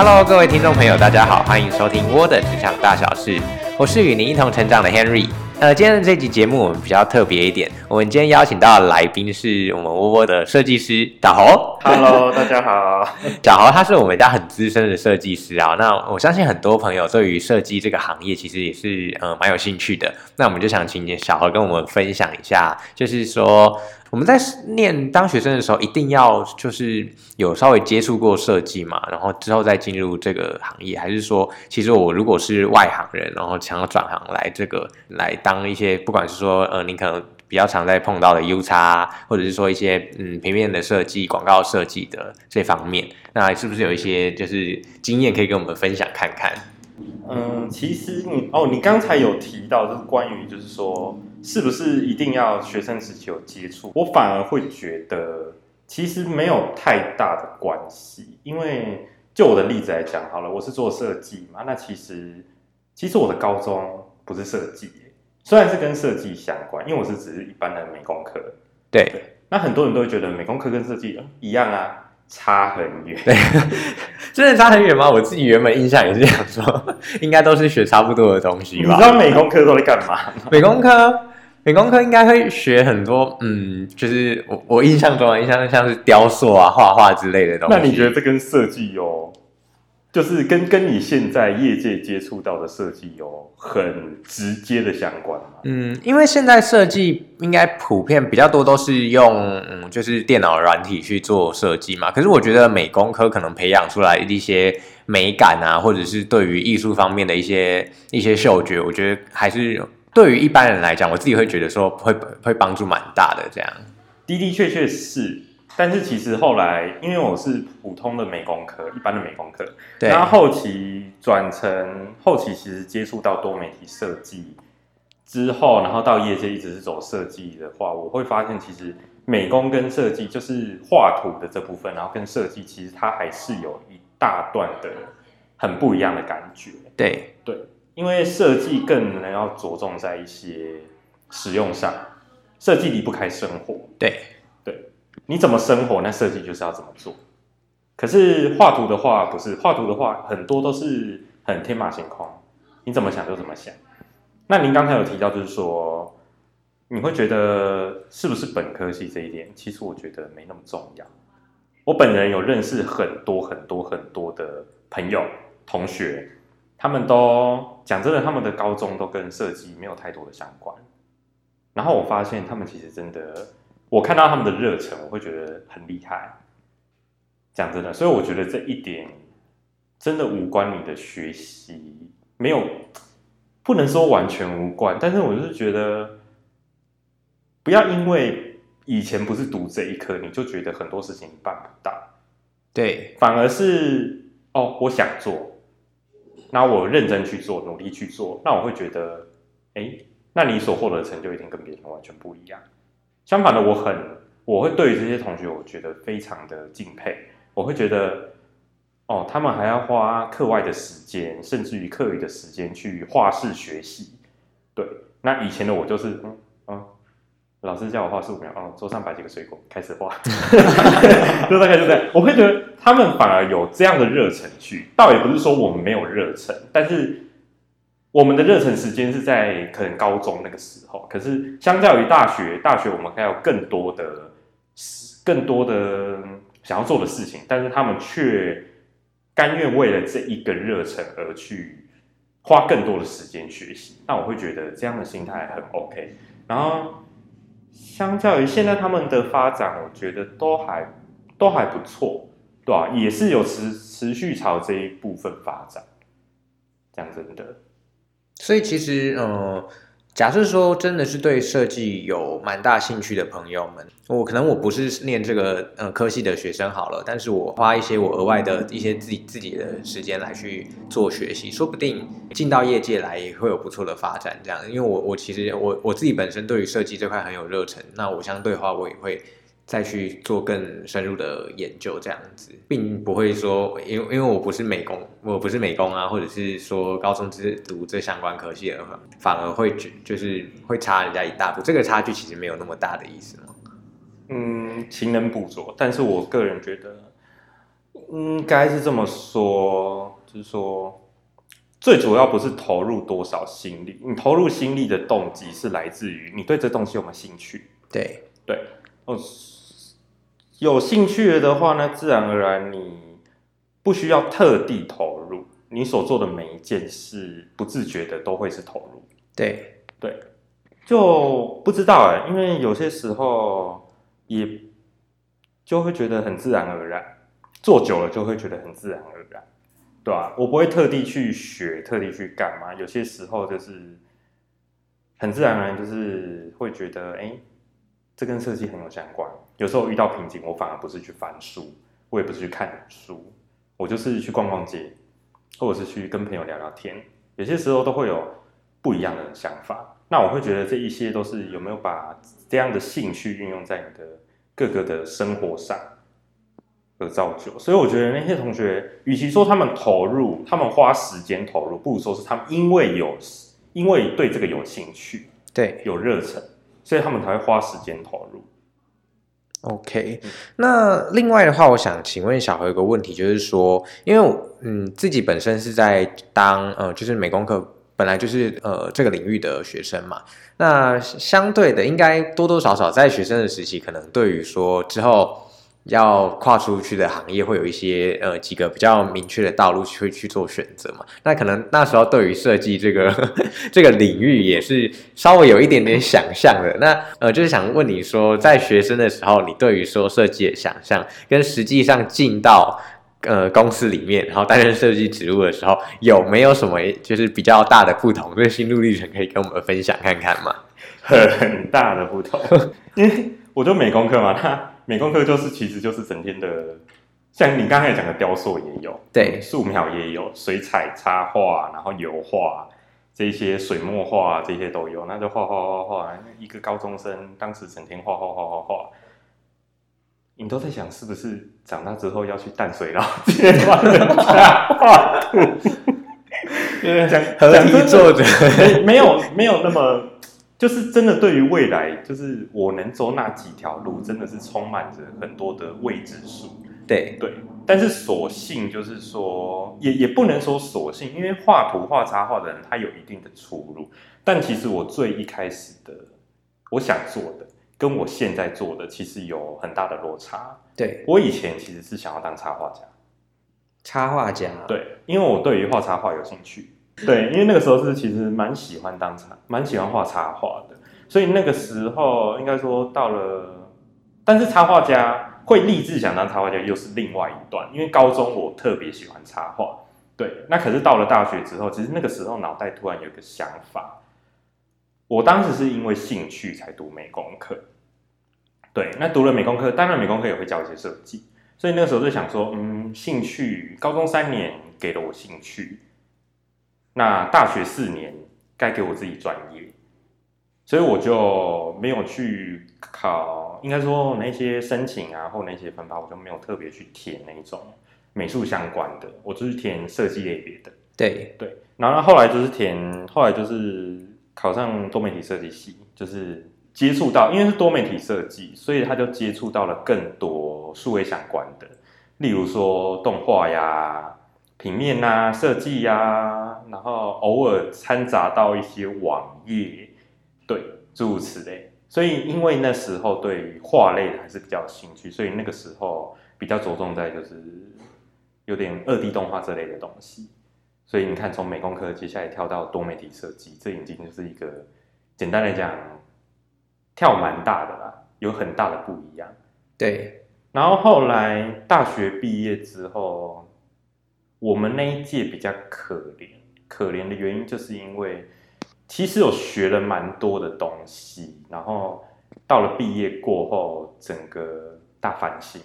Hello，各位聽眾朋友，大家好，歡迎收聽窩的職場大小事，我是與您一同成長的 Henry。呃，今天的這集節目我們比較特別一點，我們今天邀請到的來賓是我們窩窩的設計師小豪。Hello，大家好，小豪他是我們家很資深的設計師啊、哦。那我相信很多朋友對於設計這個行業其實也是呃蠻有興趣的。那我們就想請小豪跟我們分享一下，就是說，我們在念當學生的時候，一定要就是有稍微接觸過設計嘛，然後之後再進入這個行業，還是說，其實我如果是外行人，然後想要轉行來這個來當一些，不管是說呃，你可能比較常在碰到的 UX，或者是說一些嗯平面的設計、廣告設計的這方面，那是不是有一些就是經驗可以跟我們分享看看？嗯，其實你哦，你剛才有提到就是關於就是說。是不是一定要學生時期有接觸？我反而會覺得其實沒有太大的關係，因為就我的例子來講，好了，我是做設計嘛，那其實其實我的高中不是設計，雖然是跟設計相關，因為我是只是一般的美工科。對，那很多人都會覺得美工科跟設計、嗯、一樣啊，差很遠。對 真的差很遠嗎？我自己原本印象也是這樣說，應該都是學差不多的東西吧？你知道美工科都在幹嘛嗎？美工科。美工科應該會學很多，嗯，就是我我印象中的印象像是雕塑啊、畫 畫之類的東西。那你覺得這跟設計有，就是跟跟你現在業界接觸到的設計有很直接的相關嗎？嗯，因為現在設計應該普遍比較多都是用嗯，就是電腦軟體去做設計嘛。可是我覺得美工科可能培養出來一些美感啊，或者是對於藝術方面的一些一些嗅覺，我覺得還是。對於一般人來講，我自己會覺得說，會會幫助蠻大的這樣，的的確確是。但是其實後來，因為我是普通的美工科，一般的美工科，對，那後期轉成後期，其實接觸到多媒體設計之後，然後到業界一直是走設計的話，我會發現其實美工跟設計就是畫圖的這部分，然後跟設計其實它還是有一大段的很不一樣的感覺。對對。因為設計更能要着重在一些使用上，設計離不開生活。對，對，你怎麼生活，那設計就是要怎麼做。可是畫圖的話，不是畫圖的話，很多都是很天馬行空，你怎麼想就怎麼想。那您剛才有提到，就是說你會覺得是不是本科系這一點，其實我覺得沒那麼重要。我本人有認識很多很多很多的朋友同學。他們都講真的，他們的高中都跟設計沒有太多的相關。然後我發現他們其實真的，我看到他們的熱忱，我會覺得很厲害。講真的，所以我覺得這一點真的無關你的學習，沒有，不能說完全無關，但是我就是覺得不要因為以前不是讀這一科，你就覺得很多事情辦不到。對，反而是哦，我想做。那我認真去做，努力去做，那我會覺得，哎，那你所獲得的成就一定跟別人完全不一樣。相反的，我很，我會對於這些同學，我覺得非常的敬佩。我會覺得，哦，他們還要花課外的時間，甚至於課餘的時間去畫室學習。對，那以前的我就是，嗯老師叫我畫十五秒，哦，桌上擺幾個水果，開始畫，就大概就這樣。我會覺得他們反而有這樣的熱忱去，倒也不是說我們沒有熱忱，但是我們的熱忱時間是在可能高中那個時候。可是相較於大學，大學我們還有更多的、更多的想要做的事情，但是他們卻甘願為了這一個熱忱而去花更多的時間學習。那我會覺得這樣的心態很 OK，然後。相較於現在他們的發展，我覺得都還都還不錯，對吧、啊？也是有持持續朝這一部分發展，講真的。所以其實，呃。假設說真的是對設計有蠻大興趣的朋友們，我可能我不是念這個呃科系的學生好了，但是我花一些我額外的一些自己自己的時間來去做學習，說不定進到業界來也會有不錯的發展這樣。因為我我其實我我自己本身對於設計這塊很有熱忱，那我相對的話我也會。再去做更深入的研究，這樣子並不會說，因為因為我不是美工，我不是美工啊，或者是說高中只是讀這相關科系而，而反反而會就是會差人家一大步，這個差距其實沒有那麼大的意思。嗯，勤能補拙。但是我個人覺得應該，嗯，是這麼說，就是說最主要不是投入多少心力，你投入心力的動機是來自於你對這東西有沒有興趣？對對哦。有興趣的話呢，自然而然你不需要特地投入，你所做的每一件事，不自覺的都會是投入。對對，就不知道哎、欸，因為有些時候也就會覺得很自然而然，做久了就會覺得很自然而然，對啊，我不會特地去學，特地去幹嘛？有些時候就是很自然而然，就是會覺得哎。誒這跟設計很有相關。有時候遇到瓶頸，我反而不是去翻書，我也不是去看書，我就是去逛逛街，或者是去跟朋友聊聊天。有些時候都會有不一樣的想法。那我會覺得這一些都是有沒有把這樣的興趣運用在你的各個的生活上而造就。所以我覺得那些同學，與其說他們投入，他們花時間投入，不如說是他們因為有，因為對這個有興趣，對，有熱忱。所以他們才會花時間投入。OK，那另外的話，我想請問小何一個問題，就是說，因為嗯，自己本身是在當呃，就是美工科，本來就是呃這個領域的學生嘛。那相對的，應該多多少少在學生的時期，可能對於說之後。比較跨出去的行業會有一些呃幾個比較明確的道路去去做選擇嘛？那可能那時候對於設計這個呵呵這個領域也是稍微有一點點想象的。那呃就是想問你說，在學生的時候，你對於說設計的想象跟實際上進到呃公司裡面，然後擔任設計職務的時候，有沒有什麼就是比較大的不同？就是心路歷程可以跟我們分享看看嗎？很大的不同，因 為、嗯、我都美工課嘛，他。美工科就是，其實就是整天的，像你剛才講的雕塑也有，對，素描也有、水彩、插畫，然後油畫這些水墨畫這些都有。那就畫畫畫畫，一個高中生當時整天畫畫畫畫畫，你都在想是不是長大之後要去淡水老街畫圖？講合作者，沒有沒有那麼。就是真的，對於未來，就是我能走那幾條路，真的是充滿着很多的未知數。對對，但是所幸就是說，也也不能說所幸，因為畫圖、畫插畫的人他有一定的出路。但其實我最一開始的，我想做的，跟我現在做的，其實有很大的落差。對，我以前其實是想要當插畫家，插畫家。對，因為我對於畫插畫有興趣。對，因為那個時候是其實蠻喜歡當插，蠻喜歡畫插畫的，所以那個時候應該說到了，但是插畫家會立志想當插畫家，又是另外一段。因為高中我特別喜歡插畫，對，那可是到了大學之後，其實那個時候腦袋突然有個想法，我當時是因為興趣才讀美工科。對，那讀了美工科，當然美工科也會教一些設計，所以那個時候就想說，嗯，興趣，高中三年給了我興趣。那大學四年該給我自己專業，所以我就沒有去考，應該說那些申請啊，或那些分發，我就沒有特別去填那種美術相關的，我就是填設計類別的。對對，然後後來就是填，後來就是考上多媒體設計系，就是接觸到，因為是多媒體設計，所以他就接觸到了更多數位相關的，例如說動畫呀、平面啊、設計呀。然後偶爾摻雜到一些網頁，對，諸如此類。所以因為那時候對畫類的還是比較有興趣，所以那個時候比較着重在就是有點二 D 動畫這類的東西。所以你看，從美工科接下來跳到多媒體設計，這已經就是一個簡單來講跳蠻大的啦，有很大的不一樣。對。然後後來大學畢業之後，我們那一屆比較可憐。可憐的原因就是因為，其實我學了蠻多的東西，然後到了畢業過後，整個大反省。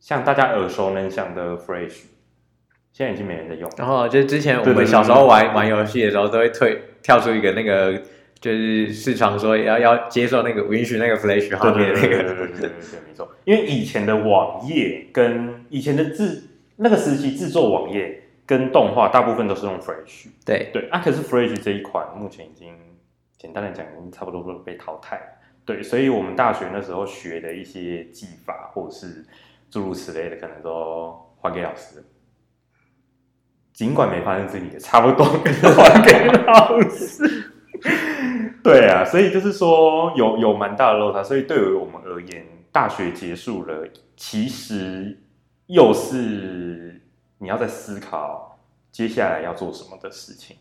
像大家耳熟能詳的 Flash，現在已經沒人在用了。然、哦、後就是之前我們小時候玩對對對對玩遊戲的時候，都會退跳出一個那個，就是市場說要要接受那個允許那個 Flash 後面那個，對對對,對,對,對,對,對 沒錯。因為以前的網頁跟以前的制那個時期制作網頁。跟動畫大部分都是用 Flash 對對啊，可是 Flash 這一款目前已經簡單來講已經差不多都被淘汰對，所以我們大學那時候學的一些技法或者是諸如此類的，可能都還給老師，儘管沒發現自己，也差不多 還給老師。 對啊，所以就是說有有蠻大的落差，所以對於我們而言，大學結束了，其實又是。你要在思考，接下來要做什麼的事情，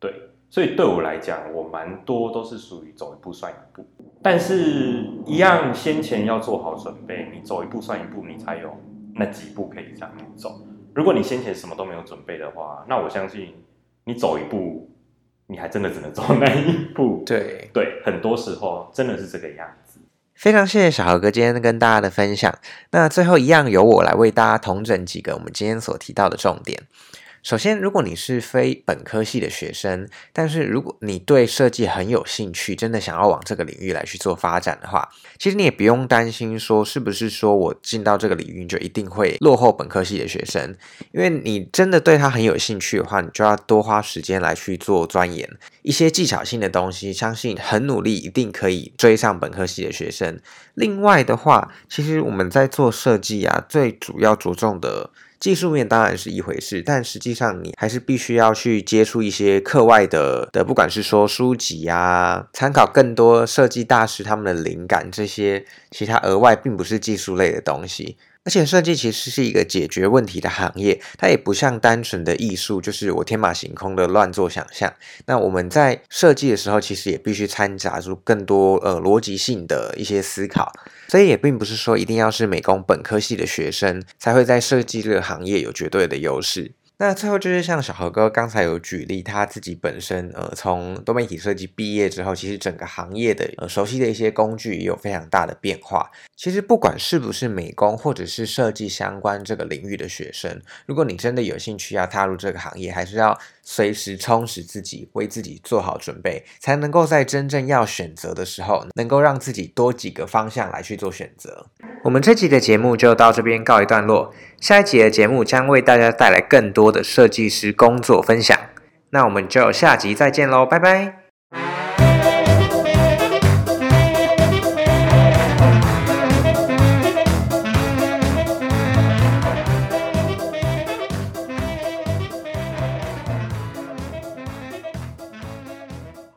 對，所以對我來講，我蠻多都是屬於走一步算一步，但是一樣先前要做好準備，你走一步算一步，你才有那幾步可以這樣走。如果你先前什麼都沒有準備的話，那我相信你走一步，你還真的只能走那一步。 對對，很多時候真的是這個樣。非常謝謝小何哥今天跟大家的分享。那最後一樣，由我來為大家統整幾個我們今天所提到的重點。首先，如果你是非本科系的學生，但是如果你對設計很有興趣，真的想要往這個領域來去做發展的話，其實你也不用擔心說是不是說我進到這個領域就一定會落後本科系的學生，因為你真的對他很有興趣的話，你就要多花時間來去做鑽研一些技巧性的東西，相信很努力一定可以追上本科系的學生。另外的話，其實我們在做設計啊，最主要着重的。技術面當然是一回事，但實際上你還是必須要去接觸一些課外的的，不管是說書籍呀、啊，參考更多設計大師他們的靈感這些其他額外並不是技術類的東西。而且設計其實是一個解決問題的行業，它也不像單純的藝術，就是我天馬行空的亂做想象。那我們在設計的時候，其實也必須摻雜出更多呃邏輯性的一些思考。所以也並不是說一定要是美工本科系的學生才會在設計這個行業有絕對的優勢。那最後就是像小何哥剛才有舉例他自己本身，呃，從多媒體設計畢業之後，其實整個行業的呃熟悉的一些工具也有非常大的變化。其實不管是不是美工或者是設計相關這個領域的學生，如果你真的有興趣要踏入這個行業，還是要。隨時充實自己，為自己做好準備，才能夠在真正要選擇的時候，能夠讓自己多幾個方向來去做選擇。我們這集的節目就到這邊告一段落，下一集的節目將為大家帶來更多的設計師工作分享。那我們就下集再見嘍，拜拜。